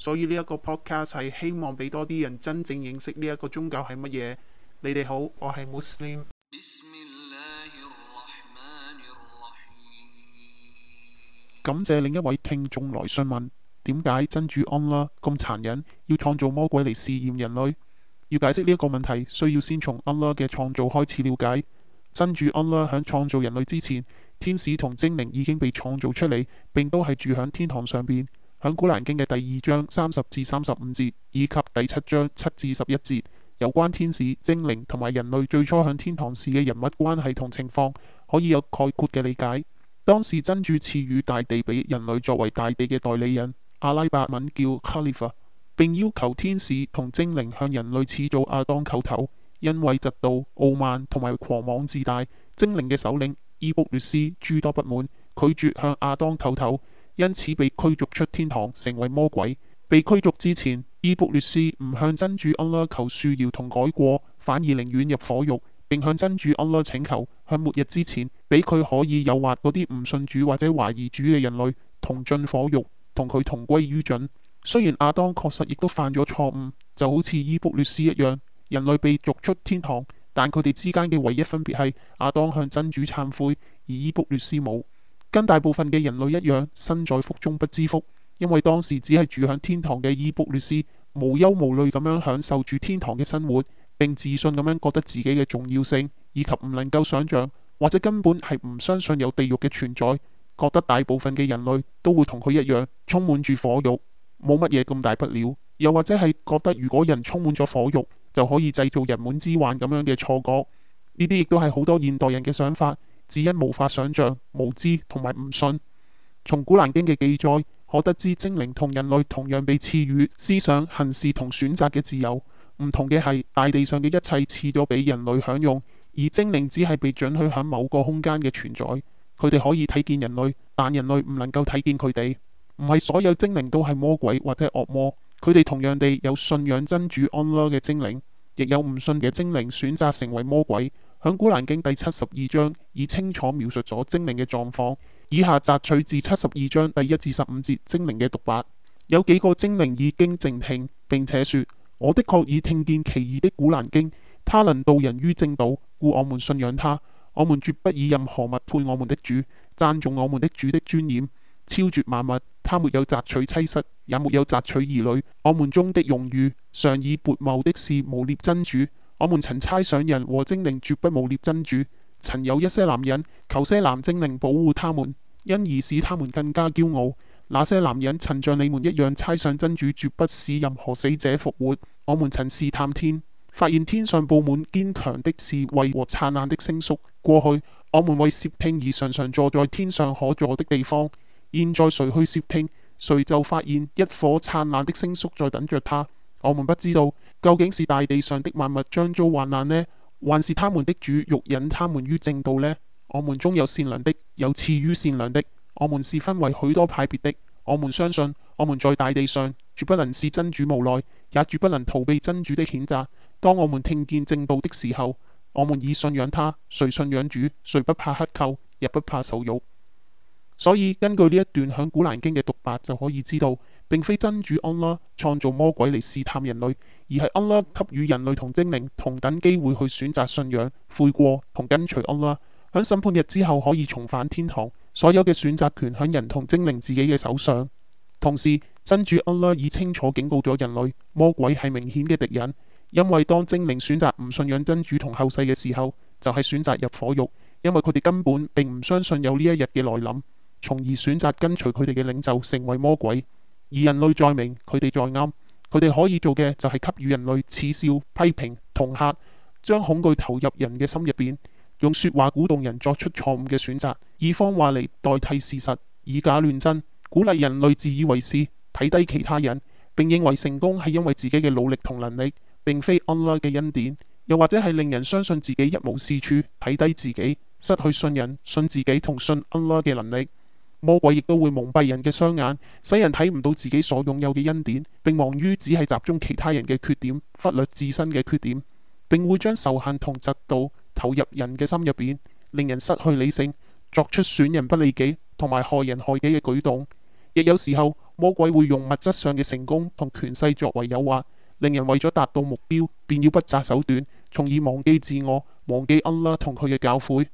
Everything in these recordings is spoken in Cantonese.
所以呢一個 podcast 係希望俾多啲人真正認識呢一個宗教係乜嘢。你哋好，我係 Muslim。感謝另一位聽眾來詢問點解真主安拉咁殘忍，要創造魔鬼嚟試驗人類？要解釋呢一個問題，需要先從安拉嘅創造開始了解。真主安拉喺創造人類之前，天使同精靈已經被創造出嚟，並都係住喺天堂上邊。喺古蘭經嘅第二章三十至三十五節以及第七章七至十一節，有關天使、精靈同埋人類最初響天堂時嘅人物關係同情況，可以有概括嘅理解。當時真主賜予大地俾人類作為大地嘅代理人，阿拉伯文叫 c a l i，並要求天使同精靈向人類始祖阿當叩頭因為嫉妒、傲慢同埋狂妄自大，精靈嘅首領伊卜列斯諸多不滿，拒絕向阿當叩頭。因此被驅逐出天堂，成為魔鬼。被驅逐之前，伊卜列斯唔向真主安拉求恕饒同改過，反而寧願入火獄，並向真主安拉請求，向末日之前俾佢可以誘惑嗰啲唔信主或者懷疑主嘅人類同進火獄，同佢同歸於盡。雖然亞當確實亦都犯咗錯誤，就好似伊卜列斯一樣，人類被逐出天堂，但佢哋之間嘅唯一分別係亞當向真主懺悔，而伊卜列斯冇。跟大部分嘅人類一樣，身在福中不知福，因為當時只係住響天堂嘅伊卜略斯，無憂無慮咁樣享受住天堂嘅生活，並自信咁樣覺得自己嘅重要性，以及唔能夠想象或者根本係唔相信有地獄嘅存在，覺得大部分嘅人類都會同佢一樣充滿住火獄，冇乜嘢咁大不了，又或者係覺得如果人充滿咗火獄，就可以製造人滿之患咁樣嘅錯覺，呢啲亦都係好多現代人嘅想法。只因無法想像、無知同埋唔信。從《古蘭經》嘅記載可得知，精靈同人類同樣被賜予思想、行事同選擇嘅自由。唔同嘅係，大地上嘅一切賜咗俾人類享用，而精靈只係被准許喺某個空間嘅存在。佢哋可以睇見人類，但人類唔能夠睇見佢哋。唔係所有精靈都係魔鬼或者惡魔，佢哋同樣地有信仰真主安拉嘅精靈，亦有唔信嘅精靈選擇成為魔鬼。響古蘭經第七十二章已清楚描述咗精靈嘅狀況，以下摘取自七十二章第一至十五節精靈嘅獨白：有幾個精靈已經靜聽，並且說：我的確已聽見奇異的古蘭經，他能導人於正道，故我們信仰他。我們絕不以任何物配我們的主，讚頌我們的主的尊嚴，超絕萬物。他沒有擇取妻室，也沒有擇取兒女。我們中的庸愚，常以悖謬的事污蔑真主。我們曾猜想人和精靈絕不誣蔑真主，曾有一些男人求些男精靈保護他們，因而使他們更加驕傲。那些男人曾像你們一樣猜想真主絕不使任何死者復活。我們曾試探天，發現天上布滿堅強的侍衛和燦爛的星宿。過去我們為竊聽而常常坐在天上可坐的地方，現在誰去竊聽，誰就發現一顆燦爛的星宿在等着他。我們不知道。究竟是大地上的萬物將遭患難呢，還是他們的主欲引他們於正道呢？我們中有善良的，有次於善良的，我們是分為許多派別的。我們相信我們在大地上絕不能是真主無奈，也絕不能逃避真主的譴責。當我們聽見正道的時候，我們以信仰他。誰信仰主，誰不怕克扣，也不怕受辱。所以根據呢一段響古蘭經嘅讀法，就可以知道。並非真主安拉創造魔鬼嚟試探人類，而係安拉給予人類同精靈同等機會去選擇信仰、悔過同跟隨安拉。喺審判日之後可以重返天堂。所有嘅選擇權響人同精靈自己嘅手上。同時，真主安拉已清楚警告咗人類，魔鬼係明顯嘅敵人，因為當精靈選擇唔信仰真主同後世嘅時候，就係選擇入火獄，因為佢哋根本並唔相信有呢一日嘅來臨，從而選擇跟隨佢哋嘅領袖成為魔鬼。而人類再明，佢哋再啱，佢哋可以做嘅就係給予人類恥笑、批評、同嚇，將恐懼投入人嘅心入邊，用説話鼓動人作出錯誤嘅選擇，以方話嚟代替事實，以假亂真，鼓勵人類自以為是，睇低其他人，並認為成功係因為自己嘅努力同能力，並非安拉嘅恩典，又或者係令人相信自己一無是處，睇低自己，失去信任，信自己同信安拉嘅能力。魔鬼亦都會蒙蔽人嘅雙眼，使人睇唔到自己所擁有嘅恩典，並忙於只係集中其他人嘅缺點，忽略自身嘅缺點，並會將仇恨同嫉妒投入人嘅心入邊，令人失去理性，作出損人不利己同埋害人害己嘅舉動。亦有時候，魔鬼會用物質上嘅成功同權勢作為誘惑，令人為咗達到目標，便要不擇手段，從而忘記自我，忘記安拉同佢嘅教誨。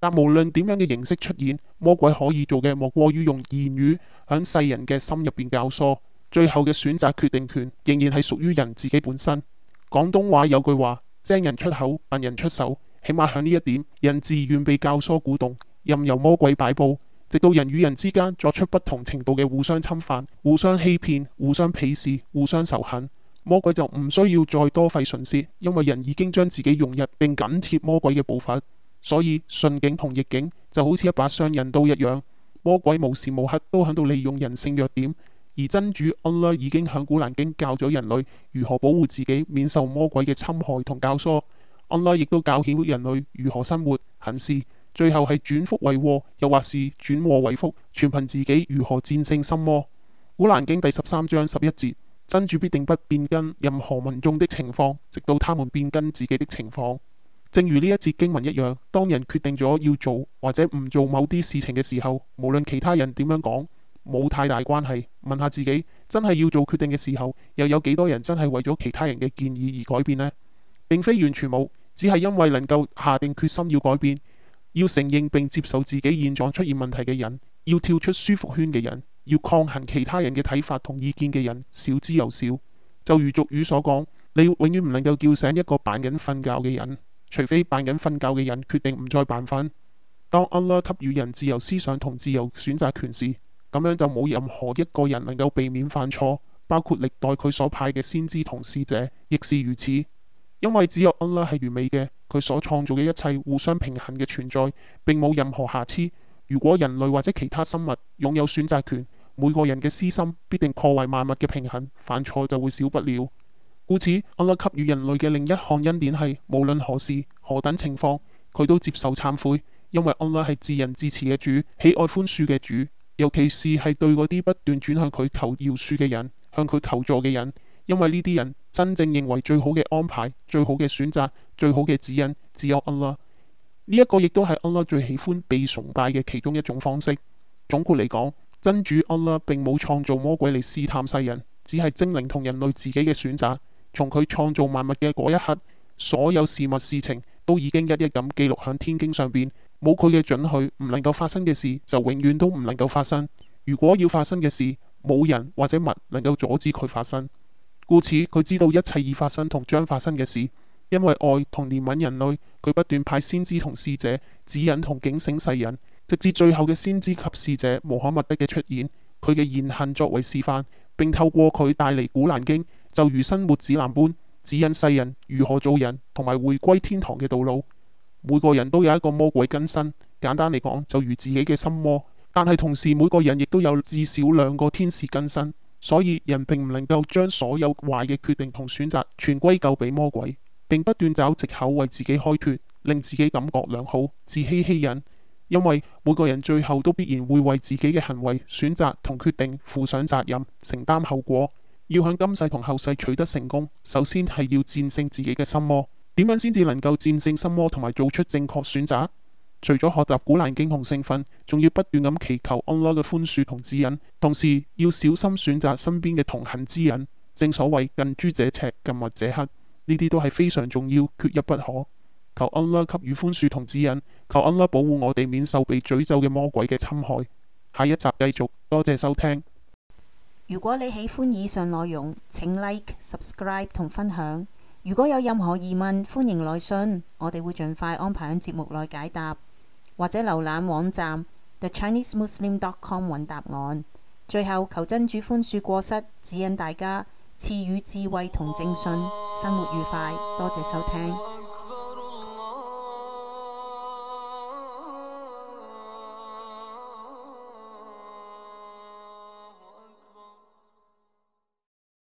但無論點樣嘅形式出現，魔鬼可以做嘅，莫過於用言語響世人嘅心入邊教唆，最後嘅選擇決定權仍然係屬於人自己本身。廣東話有句話：精人出口，笨人，人出手。起碼響呢一點，人自願被教唆鼓動，任由魔鬼擺佈。直到人與人之間作出不同程度嘅互相侵犯、互相欺騙、互相鄙視、互相仇恨，魔鬼就唔需要再多費唇舌，因為人已經將自己融入並緊貼魔鬼嘅步伐。所以順境同逆境，就好似一把雙刃刀一樣，魔鬼無時無刻都喺度利用人性弱點，而真主安拉已經向古蘭經教咗人類如何保護自己免受魔鬼嘅侵害同教唆，安拉亦都教曉人類如何生活行事，最後係轉福為禍，又或是轉禍為福，全憑自己如何戰勝心魔。古蘭經第十三章十一節，真主必定不變更任何民眾的情況，直到他們變更自己的情況。正如呢一節經文一樣，當人決定咗要做或者唔做某啲事情嘅時候，無論其他人點樣講，冇太大關係。問下自己，真係要做決定嘅時候，又有幾多人真係為咗其他人嘅建議而改變呢？並非完全冇，只係因為能夠下定決心要改變、要承認並接受自己現狀出現問題嘅人，要跳出舒服圈嘅人，要抗衡其他人嘅睇法同意見嘅人，少之又少。就如俗語所講，你永遠唔能夠叫醒一個扮緊瞓覺嘅人。除非扮緊瞓覺嘅人決定唔再扮瞓。當安拉給予人自由思想同自由選擇權時，咁樣就冇任何一個人能夠避免犯錯，包括歷代佢所派嘅先知同使者，亦是如此。因為只有安拉係完美嘅，佢所創造嘅一切互相平衡嘅存在，並冇任何瑕疵。如果人類或者其他生物擁有選擇權，每個人嘅私心必定破壞萬物嘅平衡，犯錯就會少不了。故此，安拉給予人類嘅另一項恩典係，無論何事何等情況，佢都接受懺悔，因為安拉係至仁至慈嘅主，喜愛寬恕嘅主，尤其是係對嗰啲不斷轉向佢求饒恕嘅人，向佢求助嘅人，因為呢啲人真正認為最好嘅安排、最好嘅選擇、最好嘅指引只有安拉。呢、這、一個亦都係安拉最喜歡被崇拜嘅其中一種方式。總括嚟講，真主安拉並冇創造魔鬼嚟試探世人，只係精靈同人類自己嘅選擇。從佢創造萬物嘅嗰一刻，所有事物事情都已經一一咁記錄響《天經》上邊，冇佢嘅准許，唔能夠發生嘅事就永遠都唔能夠發生。如果要發生嘅事，冇人或者物能夠阻止佢發生。故此，佢知道一切已發生同將發生嘅事，因為愛同憐憫人類，佢不斷派先知同使者指引同警醒世人，直至最後嘅先知及使者穆罕默德嘅出現，佢嘅言行作為示範，並透過佢帶嚟《古蘭經》。就如生活指南般指引世人如何做人，同埋回歸天堂嘅道路。每個人都有一個魔鬼根身，簡單嚟講就如自己嘅心魔。但係同時，每個人亦都有至少兩個天使根身，所以人並唔能夠將所有壞嘅決定同選擇全歸咎俾魔鬼，並不斷找借口為自己開脫，令自己感覺良好、自欺欺人。因為每個人最後都必然會為自己嘅行為、選擇同決定負上責任，承擔後果。要向今世同後世取得成功，首先係要戰勝自己嘅心魔。點樣先至能夠戰勝心魔同埋做出正確選擇？除咗學習《古蘭經》同聖訓，仲要不斷咁祈求安拉嘅寬恕同指引，同時要小心選擇身邊嘅同行之人。正所謂近朱者赤，近墨者黑，呢啲都係非常重要，缺一不可。求安拉給予寬恕同指引，求安拉保護我哋免受被詛咒嘅魔鬼嘅侵害。下一集繼續，多謝收聽。如果你喜歡以上內容，請 like、subscribe 同分享。如果有任何疑問，歡迎來信，我哋會盡快安排喺節目內解答，或者瀏覽網站 TheChineseMuslim.com 揾答案。最後，求真主寬恕過失，指引大家，賜予智慧同正信，生活愉快。多謝收聽。